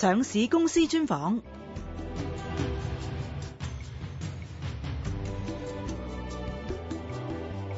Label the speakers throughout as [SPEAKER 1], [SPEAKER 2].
[SPEAKER 1] 上市公司專訪。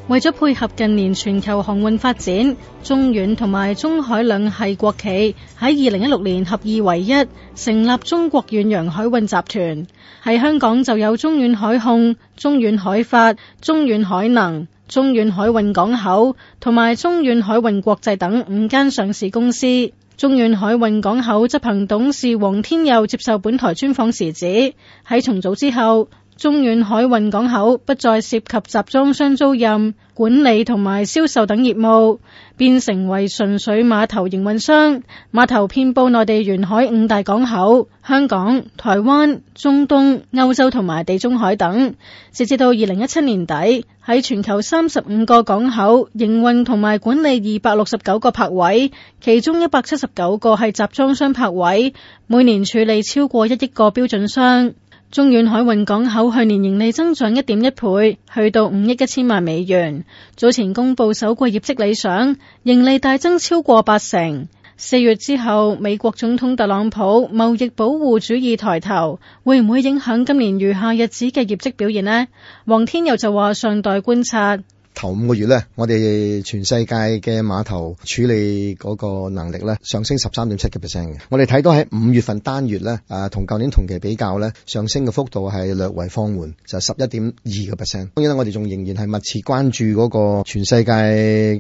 [SPEAKER 1] 為咗配合近年全球航運發展，中遠同埋中海兩系國企喺二零一六年合二為一，成立中國遠洋海運集團。喺香港就有中遠海控、中遠海發、中遠海能、中遠海運港口同埋中遠海運國際等五間上市公司。中遠海運港口執行董事黃天祐接受本台專訪時指，喺重組之後，中遠海運港口不再涉及集裝箱租賃、管理同埋銷售等業務，變成為純粹碼頭營運商。碼頭遍佈內地沿海五大港口、香港、台灣、中東、歐洲同埋地中海等。截至到二零一七年底，喺全球三十五個港口營運同埋管理二百六十九個泊位，其中一百七十九個係集裝箱泊位，每年處理超過一億個標準箱。中遠海運港口去年盈利增長一點一倍，去到五億一千萬美元。早前公佈首季業績理想，盈利大增超過八成。四月之後，美國總統特朗普貿易保護主義抬頭，會唔會影響今年餘下日子嘅業績表現呢？黃天祐就話尚待觀察。
[SPEAKER 2] 頭五個月呢，我哋全世界嘅碼頭處理嗰個能力呢，上升十三點七個 percent 嘅。我哋睇到喺五月份單月呢，啊同舊年同期比較呢，上升嘅幅度係略為放緩，就十一點二個 percent。當然啦，我哋仲仍然係密切關注嗰個全世界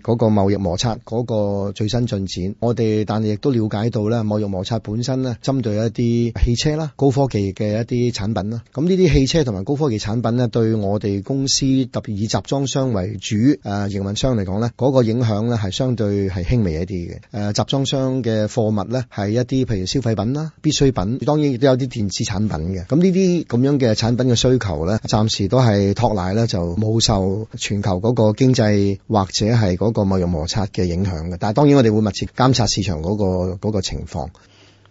[SPEAKER 2] 嗰個貿易摩擦嗰個最新進展。我哋但係亦都了解到呢，貿易摩擦本身呢，針對一啲汽車啦、高科技嘅一啲產品啦。咁呢啲汽車同埋高科技產品呢，對我哋公司特別以集裝箱為主。主誒營運商嚟講咧，嗰個影響咧係相對係輕微一啲嘅。誒、啊、集裝箱嘅貨物咧係一啲譬如消費品啦、必需品，當然亦都有啲電子產品嘅。咁呢啲咁樣嘅產品嘅需求咧，暫時都係托賴咧就冇受全球嗰個經濟或者係嗰個貿易摩擦嘅影響嘅。但係當然我哋會密切監察市場嗰個嗰個情況。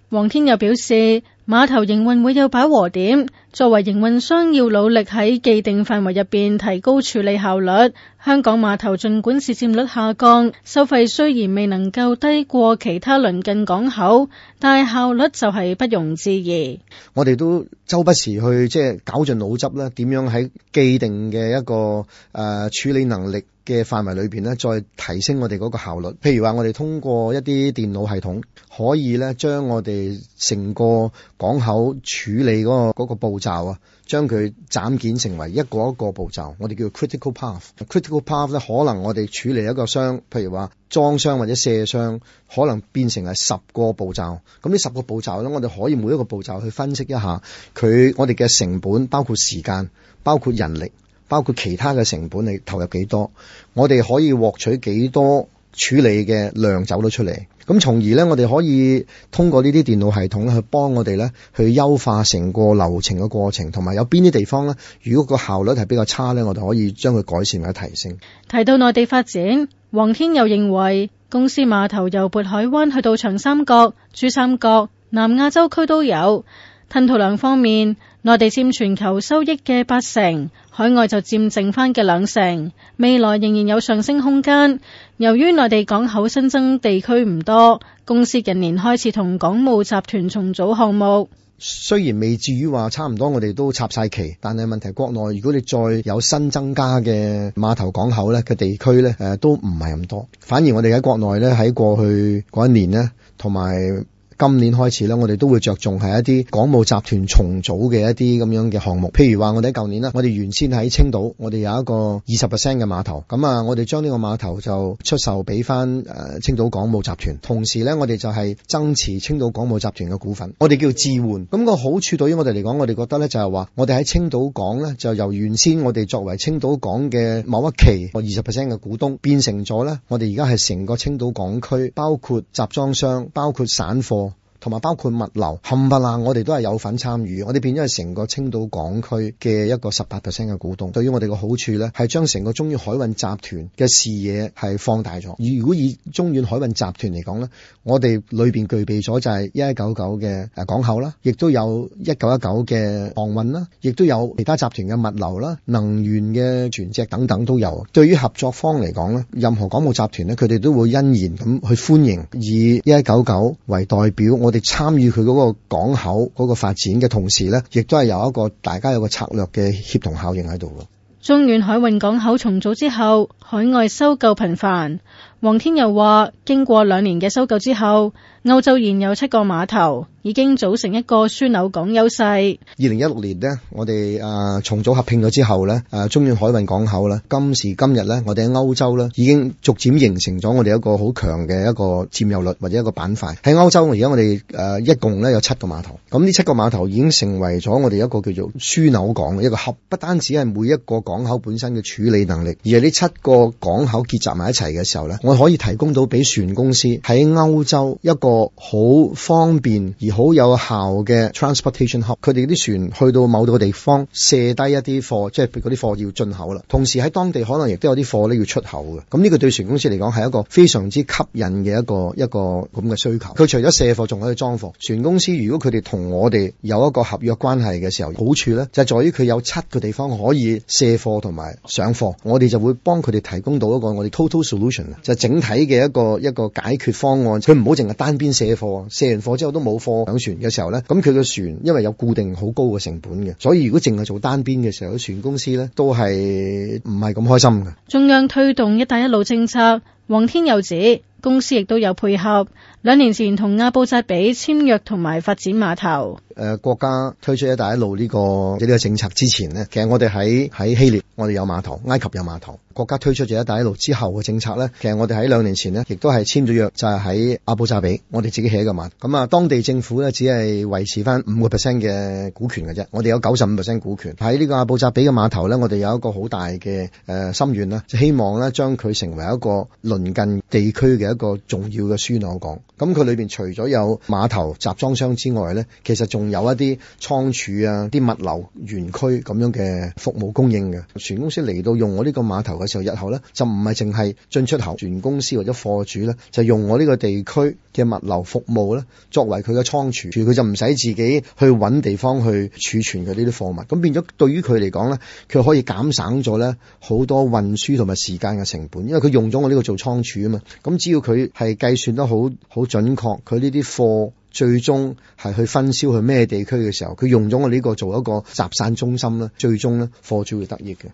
[SPEAKER 1] 黃天祐表示。碼頭營運會有飽和點，作為營運商要努力喺既定範圍入邊提高處理效率。香港碼頭儘管市佔率下降，收費雖然未能夠低過其他鄰近港口，但係效率就係不容置疑。
[SPEAKER 2] 我哋都周不時去即係搞盡腦汁啦，點樣喺既定嘅一個誒處理能力嘅範圍裏邊呢，再提升我哋嗰個效率。譬如話我哋通過一啲電腦系統，可以呢將我哋成個港口處理嗰個步驟啊，將佢斬件成為一個一個步驟，我哋叫 critical path。critical path 咧，可能我哋處理一個箱，譬如話裝箱或者卸箱，可能變成係十個步驟。咁呢十個步驟咧，我哋可以每一個步驟去分析一下佢我哋嘅成本，包括時間、包括人力、包括其他嘅成本，你投入幾多？我哋可以獲取幾多？處理嘅量走咗出嚟，咁從而呢，我哋可以通過呢啲電腦系統去幫我哋呢，去優化成個流程嘅過程，同埋有邊啲地方呢，如果個效率係比較差呢，我哋可以將佢改善或者提升。
[SPEAKER 1] 提到內地發展，黃天祐認為公司碼頭由渤海灣去到長三角、珠三角、南亞洲區都有，吞吐量方面，內地佔全球收益嘅八成，海外就佔剩翻嘅兩成，未來仍然有上升空間。由於內地港口新增地區唔多，公司近年開始同
[SPEAKER 2] 港務集團重組項目。雖然未至於話差唔多，我哋都插晒旗，但係問題，國內如果你再有新增加嘅碼頭港口呢嘅地區呢，誒、呃、都唔係咁多。反而我哋喺國內呢，喺過去嗰一年呢，同埋。今年開始咧，我哋都會着重係一啲港務集團重組嘅一啲咁樣嘅項目。譬如話，我哋喺舊年咧，我哋原先喺青島，我哋有一個二十 percent 嘅碼頭。咁啊，我哋將呢個碼頭就出售俾翻誒青島港務集團，同時咧，我哋就係增持青島港務集團嘅股份。我哋叫置換。咁個好處對於我哋嚟講，我哋覺得咧就係話，我哋喺青島港咧，就由原先我哋作為青島港嘅某一期二十 percent 嘅股東，變成咗咧，我哋而家係成個青島港區，包括集裝箱、包括散貨。同埋包括物流冚唪唥，我哋都係有份參與，我哋變咗係成個青島港區嘅一個十八 percent 嘅股東，對於我哋個好處咧，係將成個中遠海運集團嘅視野係放大咗。如果以中遠海運集團嚟講咧，我哋裏邊具備咗就係一一九九嘅誒港口啦，亦都有一九一九嘅航運啦，亦都有其他集團嘅物流啦、能源嘅船隻等等都有。對於合作方嚟講咧，任何港務集團咧，佢哋都會欣然咁去歡迎以一一九九為代表我哋參與佢嗰個港口嗰個發展嘅同時咧，亦都係有一個大家有個策略嘅協同效應喺度咯。
[SPEAKER 1] 中遠海運港口重組之後，海外收購頻繁。黃天祐話，經過兩年嘅收購之後。歐洲現有七個碼頭已經組成一個樞紐港優勢。
[SPEAKER 2] 二零一六年呢，我哋誒、呃、重組合併咗之後呢，誒、呃、中遠海運港口呢，今時今日呢，我哋喺歐洲呢已經逐漸形成咗我哋一個好強嘅一個佔有率或者一個板塊。喺歐洲而家我哋誒、呃、一共呢有七個碼頭，咁呢七個碼頭已經成為咗我哋一個叫做樞紐港嘅一個合，不單止係每一個港口本身嘅處理能力，而係呢七個港口結集埋一齊嘅時候呢，我可以提供到俾船公司喺歐洲一個。個好方便而好有效嘅 transportation hub，佢哋啲船去到某度嘅地方卸低一啲貨，即係嗰啲貨要進口啦。同時喺當地可能亦都有啲貨咧要出口嘅。咁呢個對船公司嚟講係一個非常之吸引嘅一個一個咁嘅需求。佢除咗卸貨仲可以裝貨。船公司如果佢哋同我哋有一個合約關係嘅時候，好處咧就係在於佢有七個地方可以卸貨同埋上貨。我哋就會幫佢哋提供到一個我哋 total solution，就整體嘅一個一個解決方案。佢唔好淨係單。邊卸貨，卸完貨之後都冇貨上船嘅時候咧，咁佢嘅船因為有固定好高嘅成本嘅，所以如果淨係做單邊嘅時候，船公司咧都係唔係咁開心嘅。
[SPEAKER 1] 中央推動一帶一路政策，黃天祐指，公司亦都有配合，兩年前同阿布扎比簽約同埋發展碼頭。
[SPEAKER 2] 誒、呃，國家推出一帶一路呢、這個呢、這個政策之前咧，其實我哋喺喺希臘，我哋有碼頭；埃及有碼頭。國家推出咗一帶一路之後嘅政策咧，其實我哋喺兩年前咧，亦都係簽咗約，就係喺阿布扎比，我哋自己起一個碼。咁、嗯、啊，當地政府咧只係維持翻五個 percent 嘅股權嘅啫，我哋有九十五 percent 股權喺呢個阿布扎比嘅碼頭呢，我哋有一個好大嘅誒、呃、心願啦，就希望咧將佢成為一個鄰近地區嘅，一個重要嘅樞紐港，咁佢裏邊除咗有碼頭、集裝箱之外呢，其實仲有一啲倉儲啊、啲物流園區咁樣嘅服務供應嘅。船公司嚟到用我呢個碼頭嘅時候，日後呢就唔係淨係進出口船公司或者貨主呢就用我呢個地區嘅物流服務呢作為佢嘅倉儲，佢就唔使自己去搵地方去儲存佢呢啲貨物。咁變咗對於佢嚟講呢，佢可以減省咗呢好多運輸同埋時間嘅成本，因為佢用咗我呢個做倉儲啊嘛。咁只要佢係計算得好好準確，佢呢啲貨最終係去分銷去咩地區嘅時候，佢用咗我呢個做一個集散中心，最終呢貨最終呢貨主會得益嘅。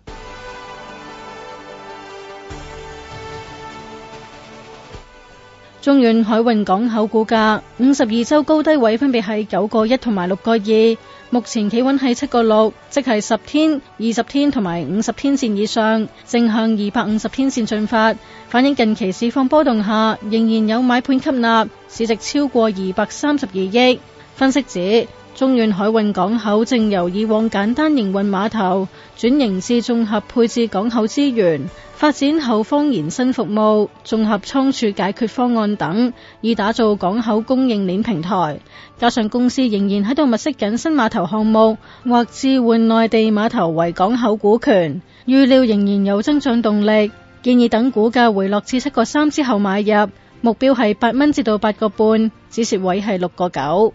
[SPEAKER 1] 中遠海運港口股價五十二周高低位分別係九個一同埋六個二。目前企穩係七個六，即係十天、二十天同埋五十天綫以上，正向二百五十天綫進發。反映近期市況波動下仍然有買盤吸納，市值超過二百三十二億。分析指。中遠海運港口正由以往簡單營運碼頭轉型至綜合配置港口資源，發展後方延伸服務、綜合倉儲解決方案等，以打造港口供應鏈平台。加上公司仍然喺度物色緊新碼頭項目或置換內地碼頭為港口股權，預料仍然有增長動力。建議等股價回落至七個三之後買入，目標係八蚊至到八個半，止蝕位係六個九。